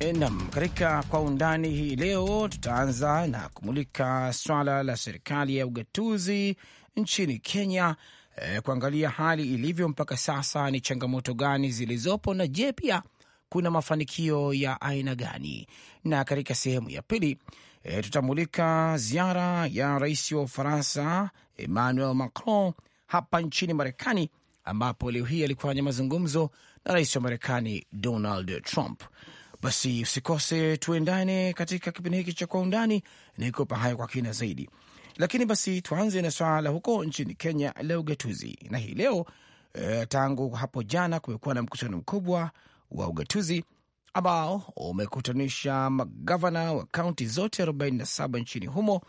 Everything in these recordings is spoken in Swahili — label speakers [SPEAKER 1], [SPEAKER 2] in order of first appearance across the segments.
[SPEAKER 1] Eh, Nam, katika kwa undani hii leo tutaanza na kumulika swala la serikali ya ugatuzi nchini Kenya, e, kuangalia hali ilivyo mpaka sasa, ni changamoto gani zilizopo, na je, pia kuna mafanikio ya aina gani? Na katika sehemu ya pili e, tutamulika ziara ya rais wa Ufaransa Emmanuel Macron hapa nchini Marekani, ambapo leo hii alikufanya mazungumzo na rais wa Marekani Donald Trump. Basi usikose tuendane katika kipindi hiki cha kwa undani na ikopa hayo kwa kina zaidi, lakini basi tuanze na swala la huko nchini Kenya la ugatuzi. Na hii leo e, tangu hapo jana kumekuwa na mkutano mkubwa wa ugatuzi ambao umekutanisha magavana wa kaunti zote 47 nchini humo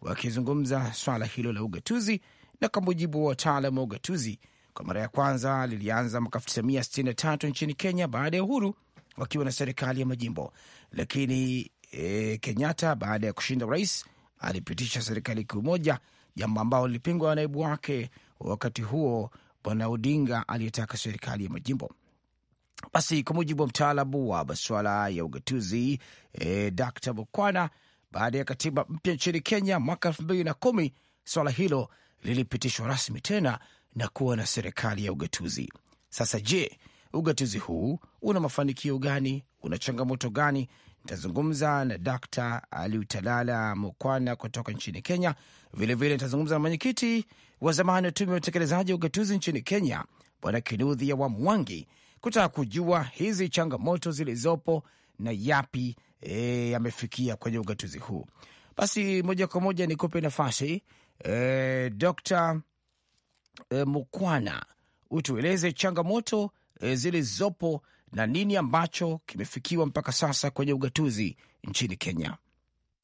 [SPEAKER 1] wakizungumza swala hilo la ugatuzi, na kwa mujibu wa wataalam wa ugatuzi, kwa mara ya kwanza lilianza mwaka 1963 nchini Kenya baada ya uhuru wakiwa na serikali ya majimbo, lakini e, Kenyatta baada ya kushinda urais alipitisha serikali kuu moja, jambo ambalo lilipingwa na naibu wake wakati huo Bwana Odinga aliyetaka serikali ya majimbo. Basi kwa mujibu wa mtaalamu wa masuala ya ugatuzi e, Dr. Bokwana, baada ya katiba mpya nchini Kenya mwaka elfu mbili na kumi swala hilo lilipitishwa rasmi tena na kuwa na serikali ya ugatuzi. Sasa je, ugatuzi huu una mafanikio gani, una changamoto gani? Nitazungumza na Dkt. Aliutalala Mukwana kutoka nchini Kenya. Vilevile nitazungumza vile na mwenyekiti wa zamani wa tume ya utekelezaji wa ugatuzi nchini Kenya, Bwana Kinudhi ya Wamwangi, kutaka kujua hizi changamoto zilizopo na yapi e, yamefikia kwenye ugatuzi huu. Basi moja kwa moja nikupe nafasi e, Dkt. e, Mukwana, utueleze changamoto Eh, zilizopo na nini ambacho kimefikiwa mpaka sasa kwenye ugatuzi nchini Kenya.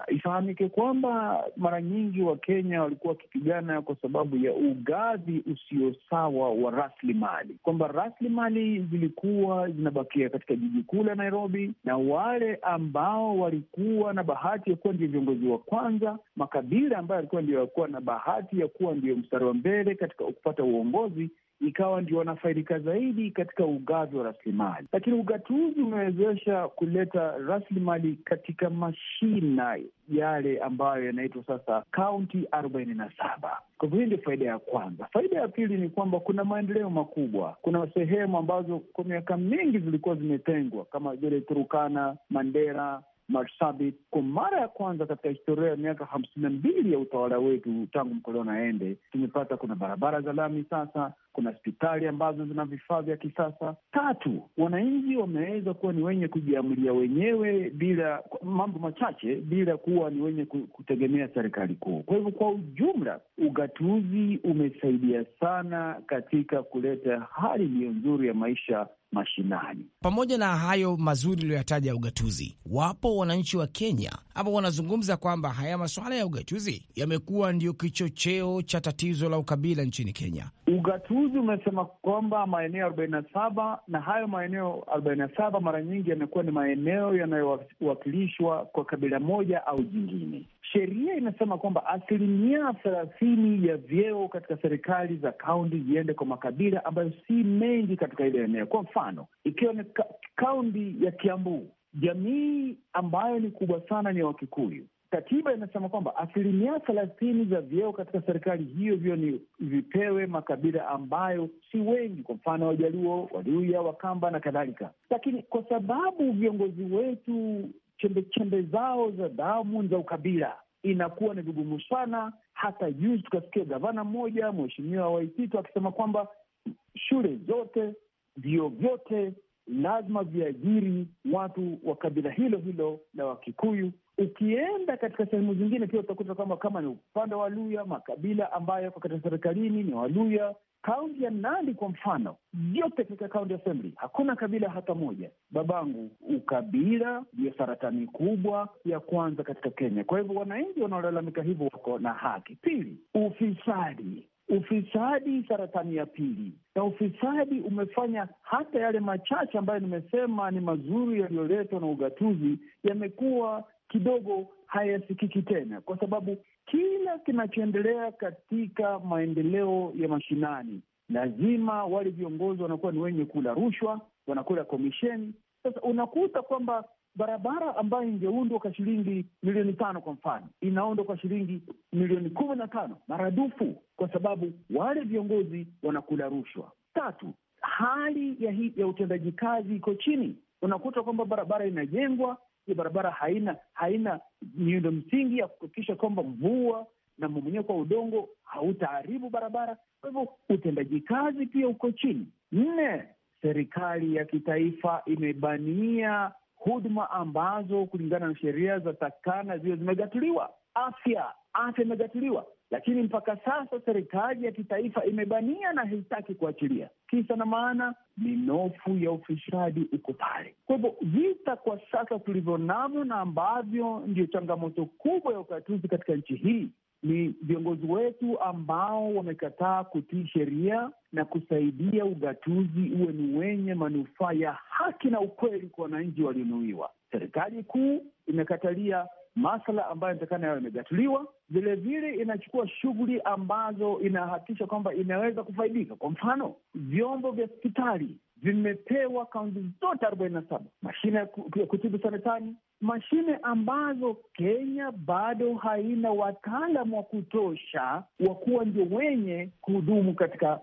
[SPEAKER 2] Ifahamike kwamba mara nyingi Wakenya walikuwa wakipigana kwa sababu ya ugavi usio sawa wa rasilimali, kwamba rasilimali zilikuwa zinabakia katika jiji kuu la Nairobi, na wale ambao walikuwa na bahati ya kuwa ndio viongozi wa kwanza, makabila ambayo alikuwa ndio yakuwa na bahati ya kuwa ndio mstari wa mbele katika kupata uongozi ikawa ndio wanafaidika zaidi katika ugavi wa rasilimali, lakini ugatuzi umewezesha kuleta rasilimali katika mashina yale ambayo yanaitwa sasa kaunti arobaini na saba. Kwa hivyo hii ndio faida ya kwanza. Faida ya pili ni kwamba kuna maendeleo makubwa. Kuna sehemu ambazo kwa miaka mingi zilikuwa zimetengwa kama vile Turukana, Mandera Marsabit kwa mara ya kwanza katika historia ya miaka hamsini na mbili ya utawala wetu tangu mkoloni aende, tumepata kuna barabara za lami sasa, kuna hospitali ambazo zina vifaa vya kisasa. Tatu, wananchi wameweza kuwa ni wenye kujiamulia wenyewe bila mambo machache, bila kuwa ni wenye kutegemea serikali kuu. Kwa hivyo, kwa ujumla, ugatuzi umesaidia sana katika kuleta hali iliyo nzuri ya maisha mashinani.
[SPEAKER 1] Pamoja na hayo mazuri uliyoyataja ya ugatuzi, wapo wananchi wa Kenya hapo wanazungumza kwamba haya masuala ya ugatuzi yamekuwa ndiyo kichocheo cha tatizo la ukabila nchini Kenya.
[SPEAKER 3] Ugatuzi
[SPEAKER 2] umesema kwamba maeneo arobaini na saba na hayo maeneo arobaini na saba mara nyingi yamekuwa ni maeneo yanayowakilishwa kwa kabila moja au jingine sheria inasema kwamba asilimia thelathini ya vyeo katika serikali za kaunti ziende kwa makabila ambayo si mengi katika ile eneo. Kwa mfano, ikiwa ni kaunti ya Kiambu, jamii ambayo ni kubwa sana ni Wakikuyu. Katiba inasema kwamba asilimia thelathini za vyeo katika serikali hiyo hiyo ni vipewe makabila ambayo si wengi, kwa mfano Wajaluo, Waluya, Wakamba na kadhalika. Lakini kwa sababu viongozi wetu chembechembe zao za damu za ukabila inakuwa ni vigumu sana. Hata juzi tukasikia gavana mmoja Mheshimiwa Waititu akisema kwamba shule zote, vyuo vyote lazima viajiri watu wa kabila hilo hilo la Wakikuyu. Ukienda katika sehemu zingine pia utakuta kwamba kama ni upande wa Luya, makabila ambayo yako katika serikalini ni Waluya, Kaunti ya Nandi kwa mfano, vyote katika kaunti assembly hakuna kabila hata moja. Babangu, ukabila ndiyo saratani kubwa ya kwanza katika Kenya. Kwa hivyo wananchi wanaolalamika hivyo wako na haki. Pili, ufisadi. Ufisadi saratani ya pili, na ufisadi umefanya hata yale machache ambayo nimesema ni mazuri yaliyoletwa na ugatuzi yamekuwa kidogo hayasikiki tena, kwa sababu kila kinachoendelea katika maendeleo ya mashinani, lazima wale viongozi wanakuwa ni wenye kula rushwa, wanakula komisheni. Sasa unakuta kwamba barabara ambayo ingeundwa kwa shilingi milioni tano kwa mfano inaundwa kwa shilingi milioni kumi na tano maradufu, kwa sababu wale viongozi wanakula rushwa. Tatu, hali ya, ya utendaji kazi iko chini. Unakuta kwamba barabara inajengwa hiyo barabara haina haina miundo msingi ya kuhakikisha kwamba mvua na mmomonyoko kwa udongo hautaharibu barabara. Kwa hivyo utendaji kazi pia uko chini. Nne, serikali ya kitaifa imebania huduma ambazo kulingana na sheria za takana ziwe zimegatuliwa afya, afya imekatiliwa, lakini mpaka sasa serikali ya kitaifa imebania na haitaki kuachilia. Kisa na maana, minofu ya ufisadi uko pale. Kwa hivyo vita kwa sasa tulivyo navyo na ambavyo ndio changamoto kubwa ya ugatuzi katika nchi hii ni viongozi wetu ambao wamekataa kutii sheria na kusaidia ugatuzi uwe ni wenye manufaa ya haki na ukweli kwa wananchi walionuiwa. Serikali kuu imekatalia masala ambayo inatakana yayo imegatuliwa Vilevile inachukua shughuli ambazo inahakikisha kwamba inaweza kufaidika. Kwa mfano, vyombo vya hospitali vimepewa kaunti zote arobaini na saba mashine ya kutibu saratani, mashine ambazo Kenya bado haina wataalamu wa kutosha wa kuwa ndio wenye kuhudumu katika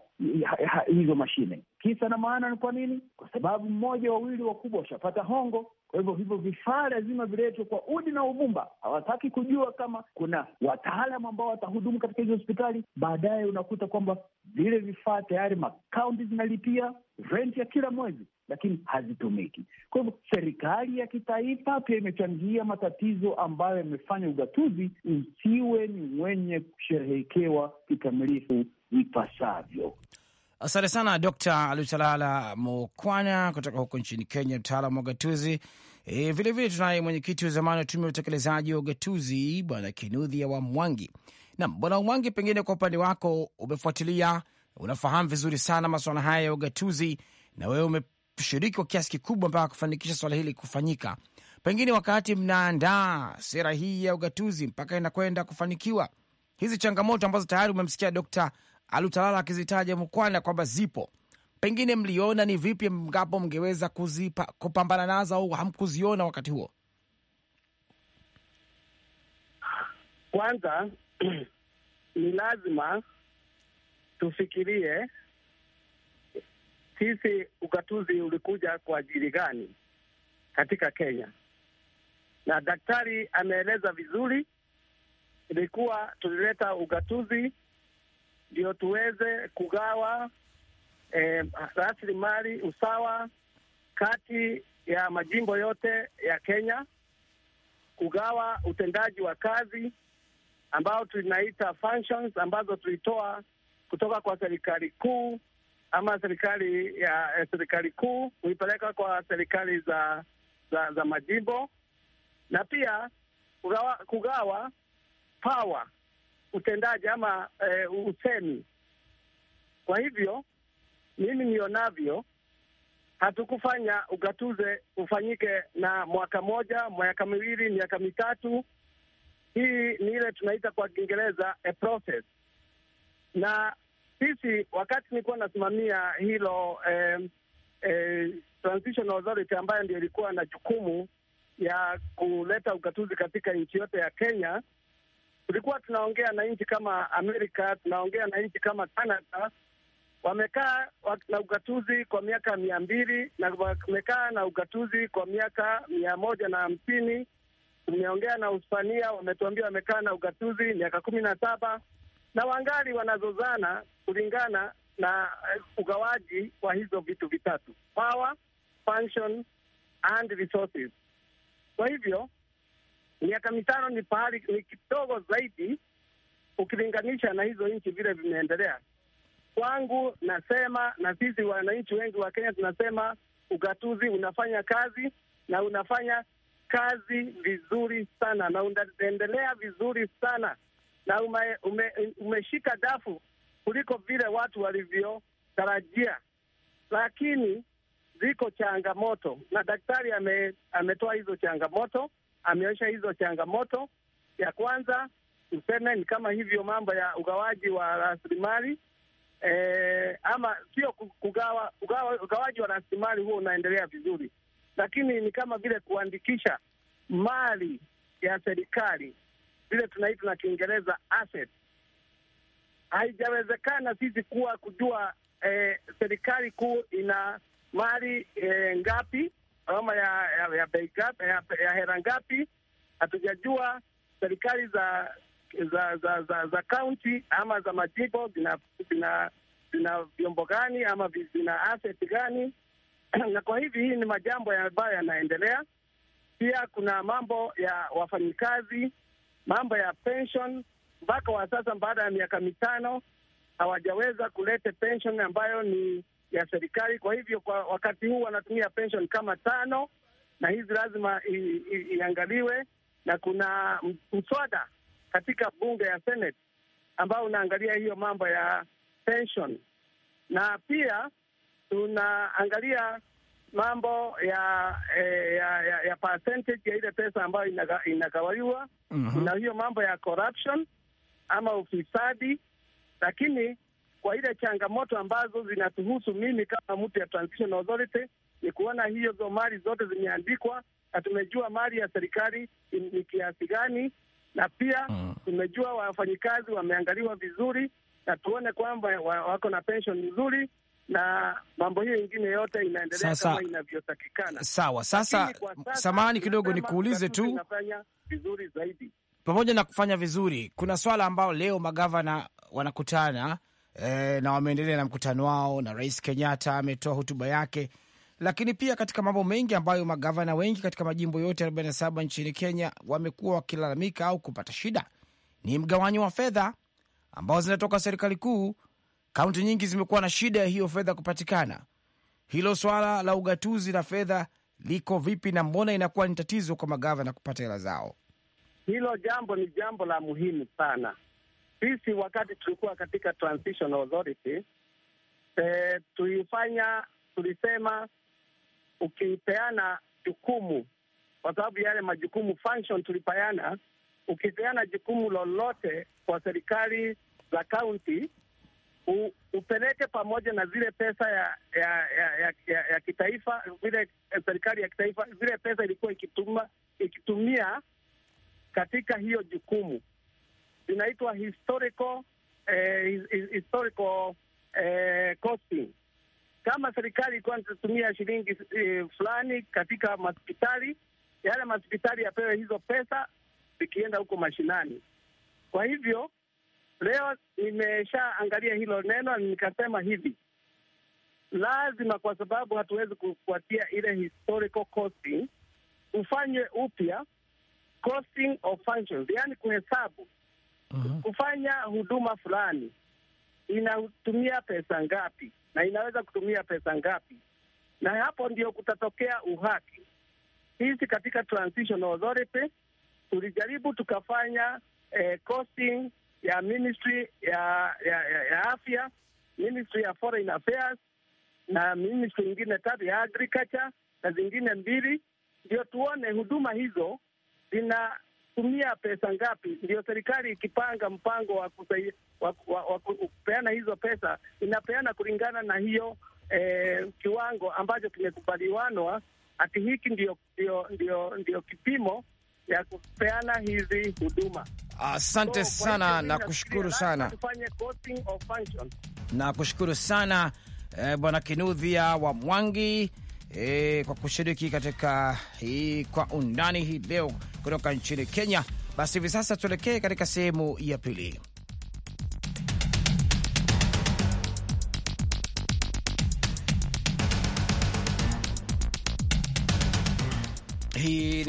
[SPEAKER 2] hizo mashine. Kisa na maana ni kwa nini? Kwa sababu mmoja wawili wakubwa washapata hongo. Kwa hivyo hivyo vifaa lazima viletwe kwa udi na uvumba. Hawataki kujua kama kuna wataalam ambao watahudumu katika hizo hospitali. Baadaye unakuta kwamba vile vifaa tayari makaunti zinalipia renti ya kila mwezi, lakini hazitumiki. Kwa hivyo serikali ya kitaifa pia imechangia matatizo ambayo yamefanya ugatuzi usiwe ni mwenye kusherehekewa kikamilifu ipasavyo.
[SPEAKER 1] Asante sana Dr. Alutalala Mokwana kutoka huko nchini Kenya, mtaalam wa ugatuzi. E, vilevile tunaye mwenyekiti wa zamani wa tume ya utekelezaji wa ugatuzi Bwana Kinudhia wa Mwangi. Naam, Bwana Mwangi, pengine kwa upande wako umefuatilia, unafahamu vizuri sana masuala haya ya ugatuzi, na wewe kushiriki kwa kiasi kikubwa mpaka kufanikisha swala hili kufanyika. Pengine wakati mnaandaa sera hii ya ugatuzi mpaka inakwenda kufanikiwa, hizi changamoto ambazo tayari umemsikia Dkt. Alutalala akizitaja Mkwana kwamba zipo, pengine mliona ni vipi ngapo mngeweza kuzipa kupambana nazo au hamkuziona wakati huo? Kwanza
[SPEAKER 2] ni lazima tufikirie sisi ugatuzi ulikuja kwa ajili gani katika Kenya, na daktari ameeleza vizuri. Ilikuwa tulileta ugatuzi ndio tuweze kugawa eh, rasilimali usawa kati ya majimbo yote ya Kenya, kugawa utendaji wa kazi ambao tunaita functions ambazo tulitoa kutoka kwa serikali kuu ama serikali ya serikali kuu kuipeleka kwa serikali za za, za majimbo na pia kugawa, kugawa power utendaji ama e, usemi. Kwa hivyo mimi nionavyo, hatukufanya ugatuze ufanyike na mwaka moja, miaka miwili, miaka mitatu. Hii ni ile tunaita kwa Kiingereza a process, na sisi wakati nilikuwa nasimamia hilo eh, eh, Transitional Authority ambayo ndio ilikuwa na jukumu ya kuleta ugatuzi katika nchi yote ya Kenya, tulikuwa tunaongea na nchi kama Amerika, tunaongea na nchi kama Canada. Wamekaa na ugatuzi kwa miaka mia mbili na wamekaa na ugatuzi kwa miaka mia moja na hamsini. Tumeongea na Uhispania, wametuambia wamekaa na ugatuzi miaka kumi na saba na wangali wanazozana kulingana na eh, ugawaji wa hizo vitu vitatu: power, function and resources. Kwa hivyo miaka mitano ni pahali ni kidogo zaidi ukilinganisha na hizo nchi vile vimeendelea. Kwangu nasema, na sisi wananchi wengi wa Kenya tunasema ugatuzi unafanya kazi na unafanya kazi vizuri sana na unaendelea vizuri sana na ume, ume, dafu kuliko vile watu walivyotarajia, lakini ziko changamoto na daktari ame, ametoa hizo changamoto, ameonyesha hizo changamoto. Ya kwanza tuseme ni kama hivyo mambo ya ugawaji wa rasilimali e, ama sio kugawa, ugawa, ugawaji wa rasilimali huo unaendelea vizuri, lakini ni kama vile kuandikisha mali ya serikali vile tunaita na Kiingereza asset. Haijawezekana sisi kuwa kujua eh, serikali kuu ina mali eh, ngapi ama ya ya, ya, ya, ya hera ngapi. Hatujajua serikali za za za za za kaunti ama za majimbo zina zina zina vyombo gani ama zina asset gani? na kwa hivi hii ni majambo ambayo ya yanaendelea. Pia kuna mambo ya wafanyikazi mambo ya pension. Mpaka wa sasa, baada ya miaka mitano, hawajaweza kuleta pension ambayo ni ya serikali. Kwa hivyo, kwa wakati huu wanatumia pension kama tano, na hizi lazima iangaliwe, na kuna mswada katika bunge ya Senate ambao unaangalia hiyo mambo ya pension, na pia tunaangalia mambo ya eh, ya, ya, ya percentage ya ile pesa ambayo inagawaiwa mm -hmm. na hiyo mambo ya corruption ama ufisadi, lakini kwa ile changamoto ambazo zinatuhusu mimi kama mtu ya Transition Authority ni kuona hizo mali zote zimeandikwa na tumejua mali ya serikali ni kiasi gani, na pia mm. tumejua wafanyikazi wameangaliwa vizuri na tuone kwamba wako na pension nzuri na mambo hiyo ingine yote inaendelea kama inavyotakikana. Sawa. Sasa samahani kidogo, nikuulize tu, inafanya vizuri zaidi.
[SPEAKER 1] Pamoja na kufanya vizuri, kuna swala ambalo leo magavana wanakutana eh, na wameendelea na mkutano wao, na Rais Kenyatta ametoa hotuba yake, lakini pia katika mambo mengi ambayo magavana wengi katika majimbo yote 47 nchini Kenya wamekuwa wakilalamika au kupata shida ni mgawanyo wa fedha ambao zinatoka serikali kuu Kaunti nyingi zimekuwa na shida ya hiyo fedha kupatikana. Hilo swala la ugatuzi la fedha liko vipi, na mbona inakuwa ni tatizo kwa magavana kupata hela zao?
[SPEAKER 2] Hilo jambo ni jambo la muhimu sana. Sisi wakati tulikuwa katika transition authority eh, tuifanya tulisema, ukipeana jukumu, kwa sababu yale majukumu function tulipeana, ukipeana jukumu lolote kwa serikali za kaunti u, upeleke pamoja na zile pesa ya ya ya, ya, ya, ya kitaifa, vile eh, serikali ya kitaifa, zile pesa ilikuwa ikituma, ikitumia katika hiyo jukumu inaitwa historical eh, historical eh, costing. Kama serikali ilikuwa inatumia shilingi eh, fulani katika mahospitali, yale mahospitali yapewe hizo pesa zikienda huko mashinani. Kwa hivyo Leo nimeshaangalia hilo neno nikasema hivi, lazima, kwa sababu hatuwezi kufuatia ile historical costing, ufanywe upya costing of functions, yaani kuhesabu uh mhm. -huh. kufanya huduma fulani inatumia pesa ngapi na inaweza kutumia pesa ngapi, na hapo ndio kutatokea uhaki. Sisi katika Transitional Authority tulijaribu tukafanya eh, costing ya ministry ya ya, ya, ya afya, ministry ya foreign affairs na ministry nyingine tatu ya agriculture na zingine mbili, ndio tuone huduma hizo zinatumia pesa ngapi. Ndio serikali ikipanga mpango wa kupeana wa, wa, hizo pesa inapeana kulingana na hiyo eh, kiwango ambacho kimekubaliwanwa ati hiki ndio, ndio, ndio, ndio kipimo ya kupeana hizi huduma.
[SPEAKER 1] Asante so, sana na kushukuru sana na kushukuru sana eh, Bwana Kinudhia wa Mwangi eh, kwa kushiriki katika hii kwa undani hii leo kutoka nchini Kenya. Basi hivi sasa tuelekee katika sehemu ya pili.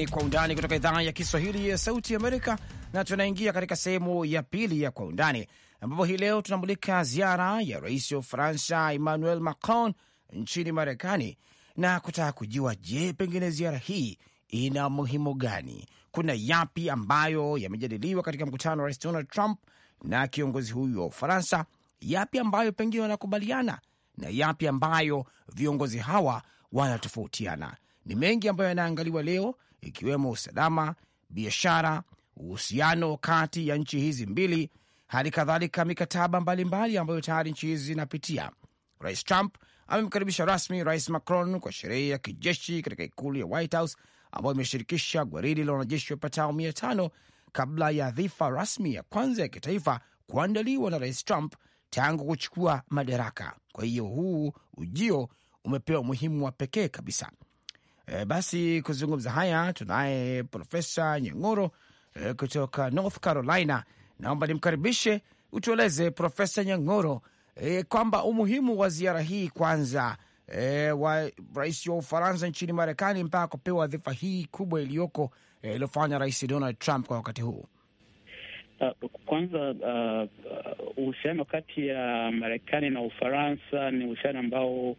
[SPEAKER 1] ni Kwa Undani kutoka idhaa ya Kiswahili ya Sauti Amerika, na tunaingia katika sehemu ya pili ya Kwa Undani, ambapo hii leo tunamulika ziara ya rais wa Ufaransa Emmanuel Macron nchini Marekani na kutaka kujua, je, pengine ziara hii ina muhimu gani? Kuna yapi ambayo yamejadiliwa katika mkutano wa rais Donald Trump na kiongozi huyu wa Ufaransa? Yapi ambayo pengine wanakubaliana na yapi ambayo viongozi hawa wanatofautiana? Ni mengi ambayo yanaangaliwa leo ikiwemo usalama, biashara, uhusiano kati ya nchi hizi mbili, hali kadhalika mikataba mbalimbali ambayo tayari nchi hizi zinapitia. Rais Trump amemkaribisha rasmi Rais Macron kwa sherehe ya kijeshi katika ikulu ya White House ambayo imeshirikisha gwaridi la wanajeshi wapatao mia tano kabla ya dhifa rasmi ya kwanza ya kitaifa kuandaliwa na Rais Trump tangu kuchukua madaraka. Kwa hiyo huu ujio umepewa umuhimu wa pekee kabisa. E, basi kuzungumza haya tunaye Profesa Nyang'oro e, eh, kutoka North Carolina. Naomba nimkaribishe utueleze Profesa Nyang'oro e, eh, kwamba umuhimu wa ziara hii kwanza e, wa rais wa Ufaransa nchini Marekani mpaka kupewa wadhifa hii kubwa iliyoko iliyofanya e, Rais Donald Trump kwa wakati huu.
[SPEAKER 3] Uh, kwanza uh, uh, uhusiano kati ya Marekani na Ufaransa ni uhusiano ambao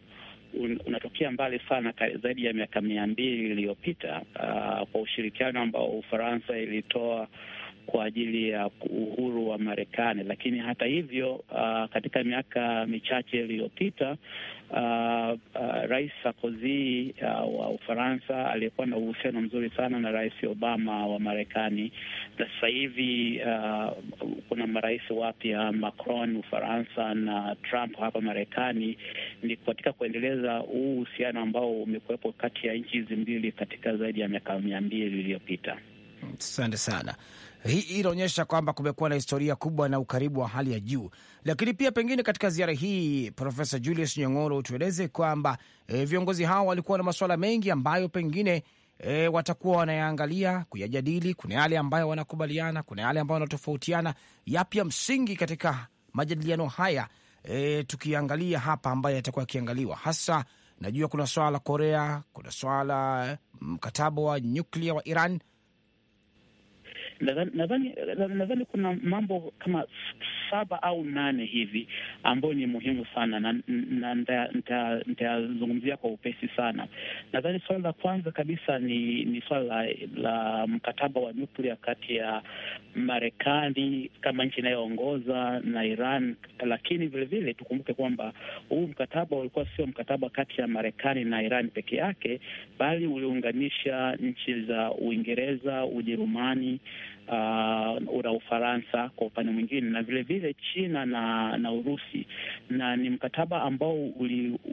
[SPEAKER 3] un, unatokea mbali sana zaidi ya miaka mia mbili iliyopita uh, kwa ushirikiano ambao Ufaransa ilitoa kwa ajili ya uhuru wa Marekani. Lakini hata hivyo, uh, katika miaka michache iliyopita uh, uh, Rais Sarkozy uh, wa Ufaransa aliyekuwa na uhusiano mzuri sana na Rais Obama wa Marekani, na sasa hivi uh, kuna marais wapya Macron Ufaransa na Trump hapa Marekani, ni katika kuendeleza huu uhusiano ambao umekuwepo kati ya nchi hizi mbili katika zaidi ya
[SPEAKER 1] miaka mia mbili iliyopita. Asante sana hii inaonyesha kwamba kumekuwa na historia kubwa na ukaribu wa hali ya juu. Lakini pia pengine katika ziara hii, Profesa Julius nyongoro tueleze kwamba e, viongozi hao walikuwa na masuala mengi ambayo pengine e, watakuwa wanayaangalia kuyajadili. Kuna yale ambayo wanakubaliana, kuna yale ambayo wanatofautiana. Yapi ya msingi katika majadiliano haya e, tukiangalia hapa ambayo yatakuwa yakiangaliwa hasa? Najua kuna swala la Korea, kuna swala mm, mkataba wa nyuklia wa Iran nadhani nadhani kuna mambo
[SPEAKER 3] kama saba au nane hivi ambayo ni muhimu sana na, na nitayazungumzia kwa upesi sana. Nadhani swala la kwanza kabisa ni, ni swala la, la mkataba wa nyuklia kati ya Marekani kama nchi inayoongoza na Iran, lakini vilevile tukumbuke kwamba huu mkataba ulikuwa sio mkataba kati ya Marekani na Iran peke yake, bali uliunganisha nchi za Uingereza, Ujerumani uh, la Ufaransa kwa upande mwingine na vilevile vile China na, na Urusi, na ni mkataba ambao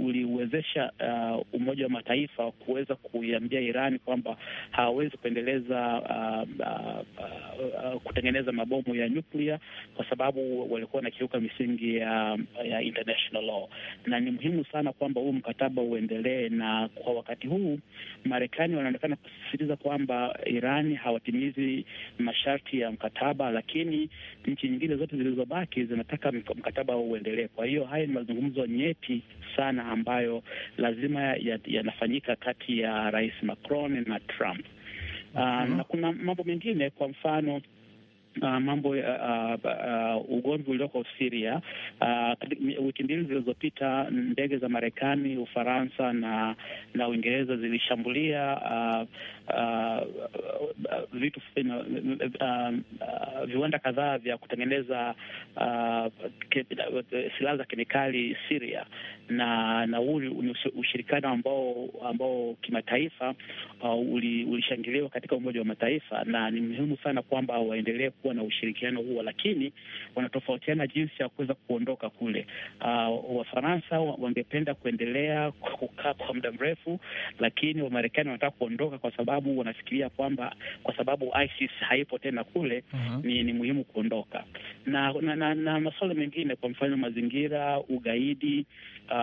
[SPEAKER 3] uliuwezesha uli uh, Umoja wa Mataifa kuweza kuiambia Iran kwamba hawawezi kuendeleza uh, uh, uh, uh, kutengeneza mabomu ya nyuklia kwa sababu walikuwa wanakiuka misingi ya, ya international law, na ni muhimu sana kwamba huu mkataba uendelee, na kwa wakati huu Marekani wanaonekana kusisitiza kwamba irani hawatimizi masharti masharti ya mkataba, lakini nchi nyingine zote zilizobaki zinataka mkataba uendelee. Kwa hiyo haya ni mazungumzo nyeti sana ambayo lazima yanafanyika ya kati ya Rais Macron na Trump. Uh, mm -hmm. Na kuna mambo mengine kwa mfano Uh, mambo uh, uh, ugonjwa ulioko Syria. Uh, wiki mbili zilizopita ndege za Marekani, Ufaransa na na Uingereza zilishambulia uh, vitu uh, uh, viwanda kadhaa vya kutengeneza uh, silaha za kemikali Syria, na na huu ni ushirikiano ambao ambao kimataifa ulishangiliwa katika Umoja wa Mataifa, na ni muhimu sana kwamba waendelee kuwa na ushirikiano huo, lakini wanatofautiana jinsi ya kuweza kuondoka kule. Wafaransa wangependa kuendelea kukaa kwa muda mrefu, lakini Wamarekani wanataka kuondoka kwa sababu sababu wanafikiria kwamba kwa sababu ISIS haipo tena kule uh mhm. -huh. Ni, ni muhimu kuondoka na, na, na, na masuala mengine, kwa mfano mazingira, ugaidi uh,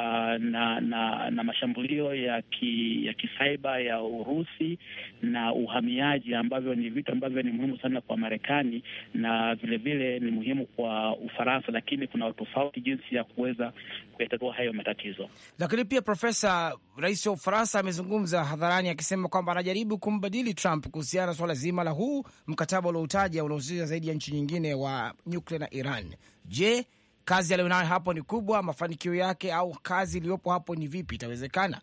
[SPEAKER 3] na, na na mashambulio ya ki, ya kisaiba ya Urusi na uhamiaji ambavyo ni vitu ambavyo ni muhimu sana kwa Marekani na vilevile vile ni muhimu kwa Ufaransa, lakini kuna tofauti jinsi ya kuweza kuyatatua hayo matatizo.
[SPEAKER 1] Lakini pia, Profesa, rais wa Ufaransa amezungumza hadharani akisema kwamba anajaribu kumbadili Trump kuhusiana na swala zima la huu mkataba ulioutaja unaohusisha zaidi ya nchi nyingine wa nyuklia na Iran. Je, kazi aliyonayo hapo ni kubwa? Mafanikio yake au kazi iliyopo hapo ni vipi? Itawezekana?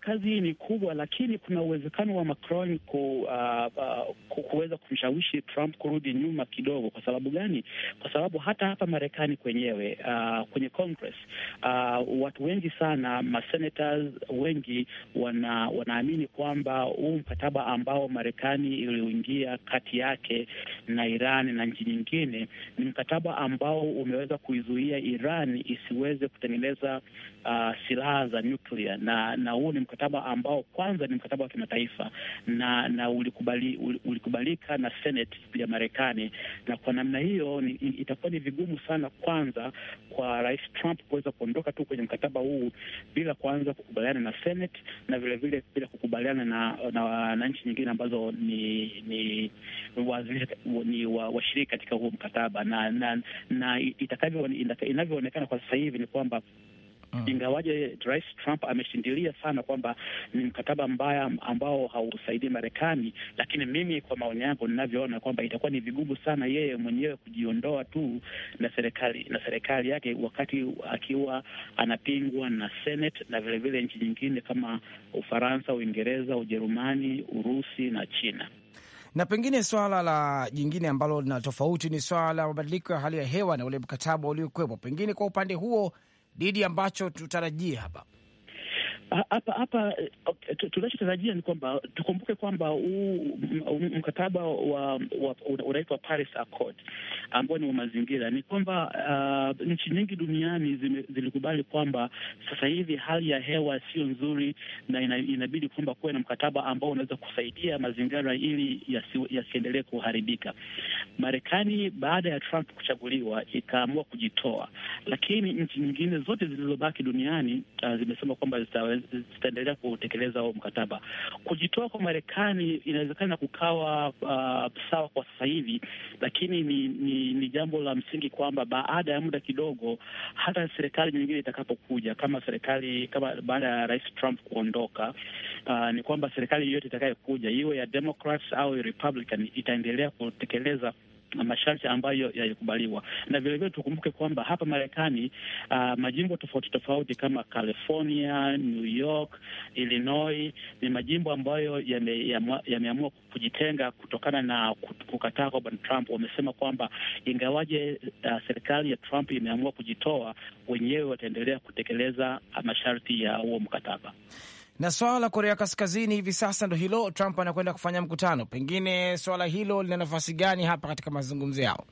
[SPEAKER 1] kazi hii ni kubwa, lakini kuna uwezekano wa Macron
[SPEAKER 3] ku, uh, uh, kuweza kumshawishi Trump kurudi nyuma kidogo. Kwa sababu gani? Kwa sababu hata hapa Marekani kwenyewe, uh, kwenye Congress, uh, watu wengi sana masenators wengi wana, wanaamini kwamba huu mkataba ambao Marekani iliuingia kati yake na Iran na nchi nyingine ni mkataba ambao umeweza kuizuia Iran isiweze kutengeneza uh, silaha za nyuklia na, na huu ni mkataba ambao kwanza ni mkataba wa kimataifa na na ulikubali, ulikubalika na Senate ya Marekani, na kwa namna hiyo ni, itakuwa ni vigumu sana kwanza kwa Rais Trump kuweza kuondoka tu kwenye mkataba huu bila kwanza kukubaliana na Senate na vilevile vile bila kukubaliana na, na, na nyingine ambazo ni ni ni washiriki wa katika huu mkataba na, na, na itakavyo inavyoonekana kwa sasa hivi ni kwamba mm. Ingawaje Rais Trump ameshindilia sana kwamba ni mkataba mbaya ambao hausaidii Marekani, lakini mimi kwa maoni yangu ninavyoona kwamba itakuwa ni vigumu sana yeye mwenyewe kujiondoa tu na serikali na serikali yake, wakati akiwa anapingwa na Senate na vilevile nchi nyingine kama Ufaransa, Uingereza, Ujerumani, Urusi na China
[SPEAKER 1] na pengine swala la jingine ambalo lina tofauti ni swala la mabadiliko ya hali ya hewa na ule mkataba uliokuwepo. Pengine kwa upande huo Didi ambacho tutarajie hapa hapa hapa eh, tunachotarajia ni kwamba tukumbuke kwamba
[SPEAKER 3] huu mkataba wa unaitwa Paris Accord ambao ni wa mazingira, ni kwamba uh, nchi nyingi duniani zime, zilikubali kwamba sasa hivi hali ya hewa sio nzuri, na ina, inabidi kwamba kuwe na mkataba ambao unaweza kusaidia mazingira ili yasiendelee yasi kuharibika. Marekani baada ya Trump kuchaguliwa ikaamua kujitoa, lakini nchi nyingine zote zilizobaki duniani uh, zimesema kwamba zitaweza zitaendelea kutekeleza huo mkataba. Kujitoa kwa Marekani inawezekana kukawa uh, sawa kwa sasa hivi, lakini ni, ni, ni jambo la msingi kwamba baada ya muda kidogo, hata serikali nyingine itakapokuja, kama serikali kama baada ya Rais Trump kuondoka, uh, ni kwamba serikali yoyote itakayokuja iwe ya Democrats au Republican itaendelea kutekeleza masharti ambayo yalikubaliwa na vilevile, tukumbuke kwamba hapa Marekani uh, majimbo tofauti tofauti kama California, New York, Illinois ni majimbo ambayo yameamua yame kujitenga kutokana na kukataa kwa bwana Trump. Wamesema kwamba ingawaje uh, serikali ya Trump imeamua kujitoa, wenyewe wataendelea kutekeleza masharti ya huo mkataba.
[SPEAKER 1] Na swala la Korea Kaskazini hivi sasa ndo hilo Trump anakwenda kufanya mkutano, pengine swala hilo lina nafasi gani hapa katika mazungumzo yao?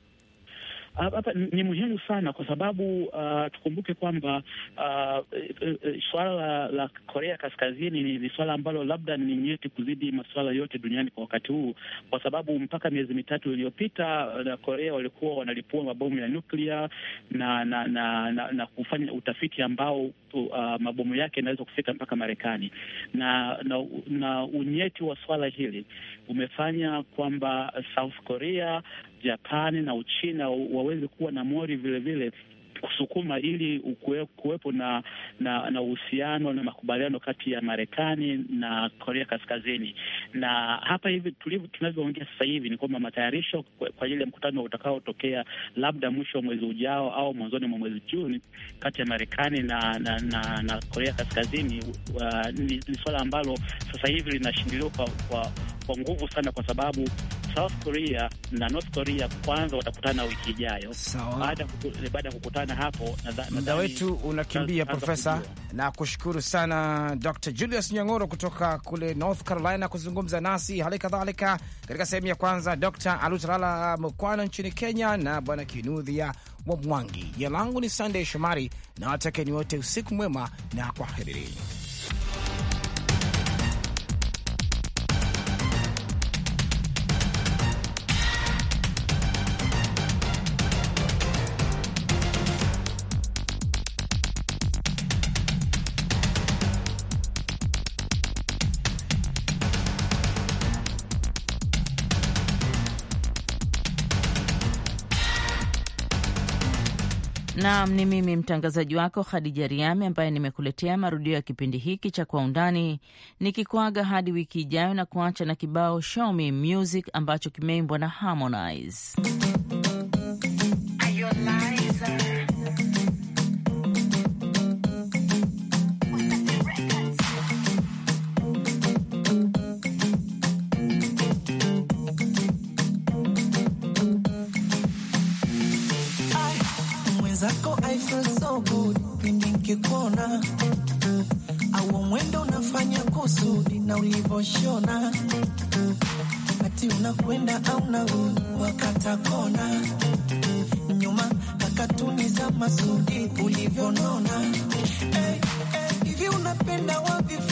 [SPEAKER 3] hapa ni muhimu sana kwa sababu uh, tukumbuke kwamba uh, uh, uh, swala la, la Korea Kaskazini ni, ni swala ambalo labda ni nyeti kuzidi masuala yote duniani kwa wakati huu, kwa sababu mpaka miezi mitatu iliyopita uh, na Korea walikuwa wanalipua mabomu ya nuklia na na, na, na na kufanya utafiti ambao uh, mabomu yake yanaweza kufika mpaka Marekani na, na na unyeti wa swala hili umefanya kwamba South Korea Japani na Uchina waweze kuwa na mori vilevile vile, kusukuma ili ukue, kuwepo na na uhusiano na, na makubaliano kati ya Marekani na Korea Kaskazini. Na hapa hivi tunavyoongea sasa hivi ni kwamba matayarisho kwa ajili ya mkutano utakaotokea labda mwisho wa mwezi ujao au mwanzoni mwa mwezi Juni kati ya Marekani na, na, na, na Korea Kaskazini uh, ni, ni suala ambalo sasa hivi linashindiliwa kwa, kwa, kwa nguvu sana kwa sababu South Korea na North Korea kwanza watakutana wiki ijayo baada ya kukutana kufikiana hapo. Muda wetu unakimbia, Profesa,
[SPEAKER 1] na kushukuru sana Dr. Julius Nyang'oro kutoka kule North Carolina kuzungumza nasi, hali kadhalika katika sehemu ya kwanza Dr. Alutalala Mkwana nchini Kenya na Bwana Kinudhia wa Mwangi. Jina langu ni Sandey Shomari na watakeni wote usiku mwema na kwaherini. Naam, ni mimi mtangazaji wako Khadija Riami ambaye nimekuletea marudio ya kipindi hiki cha Kwa Undani, nikikwaga hadi wiki ijayo na kuacha na kibao Show Me Music ambacho kimeimbwa na Harmonize.
[SPEAKER 4] na ulivyoshona, ati unakwenda au na wakata kona nyuma kakatuni za Masudi ulivyonona. Hey, eh, eh, hey, hivi unapenda wapi?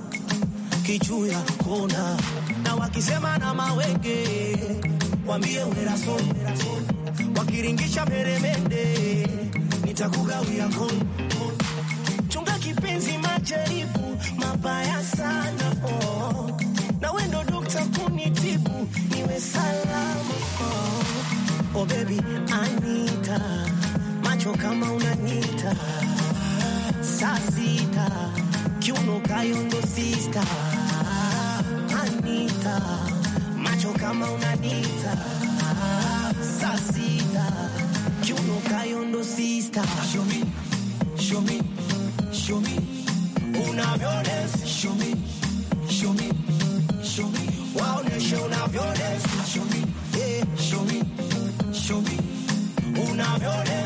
[SPEAKER 4] miti juu ya kona, na wakisema na mawenge wambie uneraso, wakiringisha peremende nitakugawia kono. Chunga kipenzi, majaribu mabaya sana oh. Na wendo dokta kunitibu niwe salamu oh. Oh baby Anita, macho kama unanita saa sita kiuno kayondo sister unanita macho kama unanita saa sita kiuno kayondo sista show me show me show me unavyonesi show me show me show me waoneshe unavyonesi show me show me show me unavyonesi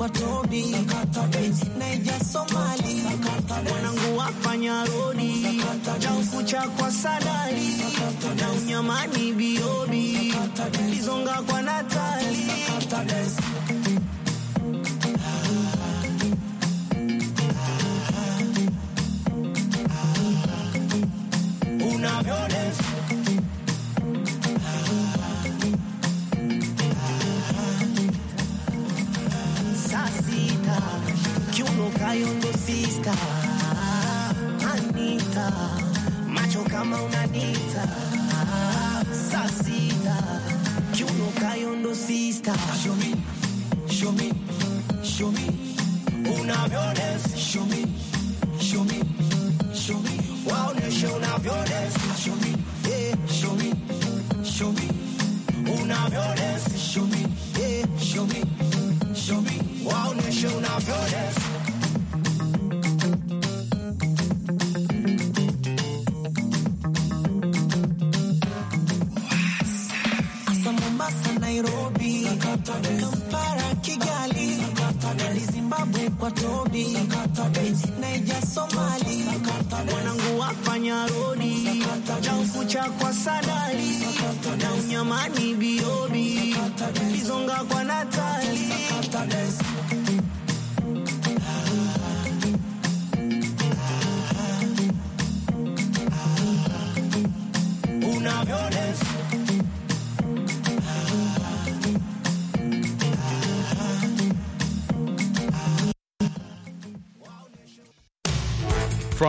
[SPEAKER 4] Watobi Naija Somali mwanangu wafanya rodi na ukucha kwa salari na unyamani biobi izonga kwa Natali Anita, yongo sister Anita, macho kama unanita sasita, kiunoka yondo sister, show me, show me, show me unavyones, show me, show me, show me waoneshe unavyones, show me, eh, show me, show me unavyones, show me, eh, show me, show me waoneshe unavyones Nairobi, Niger, Somalia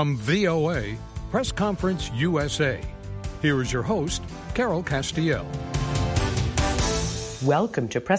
[SPEAKER 4] From VOA, Press Conference USA, here is your host, Carol Castiel. Welcome to Press